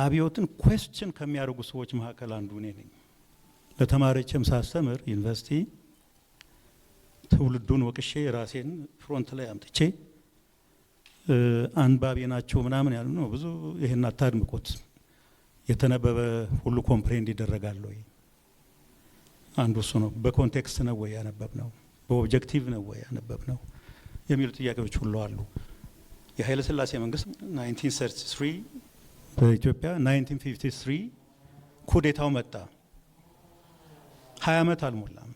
አብዮትን ኮስችን ከሚያደርጉ ሰዎች መካከል አንዱ እኔ ነኝ። ለተማሪዎችም ሳስተምር ዩኒቨርሲቲ ትውልዱን ወቅሼ ራሴን ፍሮንት ላይ አምጥቼ አንባቢ ናቸው ምናምን ያሉ ነው ብዙ ይህን አታድምቁት። የተነበበ ሁሉ ኮምፕሬንድ ይደረጋል ወይ? አንዱ እሱ ነው። በኮንቴክስት ነው ወይ ያነበብ ነው? በኦብጀክቲቭ ነው ወይ ያነበብ ነው? የሚሉ ጥያቄዎች ሁሉ አሉ። የኃይለ ስላሴ መንግስት 1933 በኢትዮጵያ 1953 ኩዴታው መጣ። ሀያ ዓመት አልሞላም።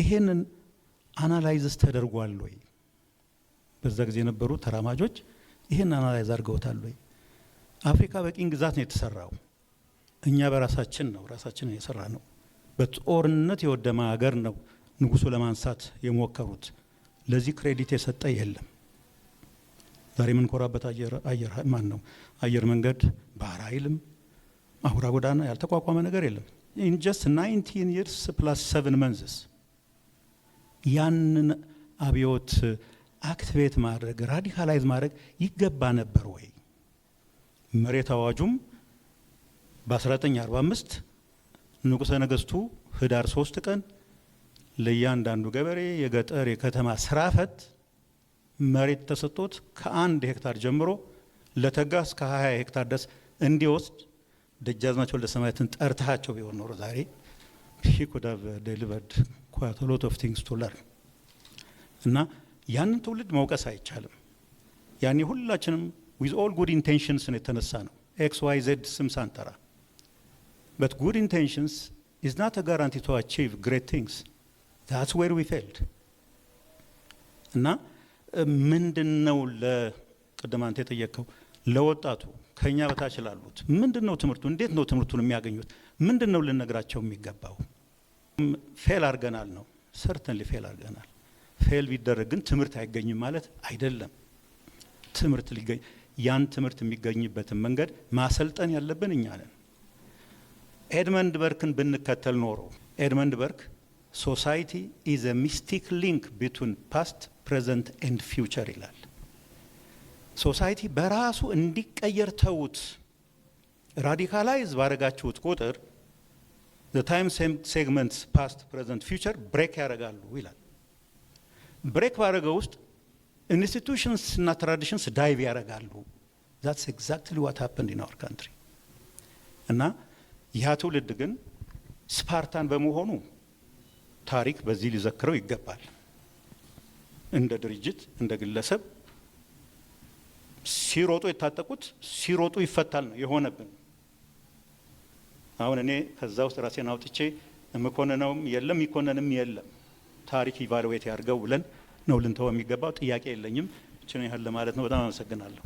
ይሄንን አናላይዝስ ተደርጓል ወይ? በዛ ጊዜ የነበሩ ተራማጆች ይሄን አናላይዝ አድርገውታል ወይ? አፍሪካ በቅኝ ግዛት ነው የተሰራው። እኛ በራሳችን ነው ራሳችን የሰራ ነው። በጦርነት የወደመ ሀገር ነው ንጉሱ ለማንሳት የሞከሩት። ለዚህ ክሬዲት የሰጠ የለም። ዛሬ የምንኮራበት አየር ማን ነው? አየር መንገድ፣ ባህር ኃይልም፣ አውራ ጎዳና ያልተቋቋመ ነገር የለም። ኢን ጀስት ናይንቲን ይርስ ፕላስ ሰቨን መንዝስ ያንን አብዮት አክቲቬት ማድረግ ራዲካላይዝ ማድረግ ይገባ ነበር ወይ? መሬት አዋጁም በ1945 ንጉሠ ነገሥቱ ህዳር 3 ቀን ለእያንዳንዱ ገበሬ የገጠር የከተማ ስራ ፈት መሬት ተሰጥቶት ከአንድ ሄክታር ጀምሮ ለተጋ እስከ ሀያ ሄክታር ድረስ እንዲወስድ ደጃዝማቸው ወልደ ሰማያትን ጠርታቸው ቢሆን ኖሮ ዛሬ ሺ ኩድ ሃቭ ዴሊቨርድ ሎት ኦፍ ቲንግስ ቱ ለርን እና ያንን ትውልድ መውቀስ አይቻልም። ያን ሁላችንም ዊዝ ኦል ጉድ ኢንቴንሽንስ ነው የተነሳ ነው ኤክስ ዋይ ዜድ ስም ሳንጠራ በት ጉድ ኢንቴንሽንስ ኢዝ ናት ጋራንቲ ቱ አቺቭ ግሬት ቲንግስ ዛትስ ዌር ዊ ፌልድ እና ምንድን ነው ለቅድም አንተ የጠየቀው ለወጣቱ ከኛ በታች ላሉት ምንድን ነው ትምህርቱ? እንዴት ነው ትምህርቱን የሚያገኙት? ምንድን ነው ልነግራቸው የሚገባው? ፌል አድርገናል ነው ሰርተንሊ ፌል አድርገናል። ፌል ቢደረግ ግን ትምህርት አይገኝም ማለት አይደለም። ትምህርት ሊገኝ ያን ትምህርት የሚገኝበትን መንገድ ማሰልጠን ያለብን እኛ ነን። ኤድመንድ በርክን ብንከተል ኖሮ ኤድመንድ በርክ ሶሳይቲ ኢዝ ሚስቲክ ሊንክ ቢትዊን ፓስት ፕሬዘንት ኤንድ ፊውቸር ይላል። ሶሳይቲ በራሱ እንዲቀየር ተዉት። ራዲካላይዝ ባረጋችሁት ቁጥር ታይም ሴግመንት ፓስት ፕሬዘንት ፊውቸር ብሬክ ያደርጋሉ ይላል። ብሬክ ባረገው ውስጥ ኢንስቲቱሽንስ እና ትራዲሽንስ ዳይቭ ያደርጋሉ። ዛትስ ኤግዛክትሊ ዋት ሀፕንድ ኢን አወር ካንትሪ እና ያ ትውልድ ግን ስፓርታን በመሆኑ ታሪክ በዚህ ሊዘክረው ይገባል። እንደ ድርጅት እንደ ግለሰብ ሲሮጡ የታጠቁት ሲሮጡ ይፈታል ነው የሆነብን። አሁን እኔ ከዛ ውስጥ ራሴን አውጥቼ የምኮንነውም የለም ይኮንንም የለም ታሪክ ኢቫሉዌት ያድርገው ብለን ነው ልንተው የሚገባው። ጥያቄ የለኝም። እችን ያህል ለማለት ነው። በጣም አመሰግናለሁ።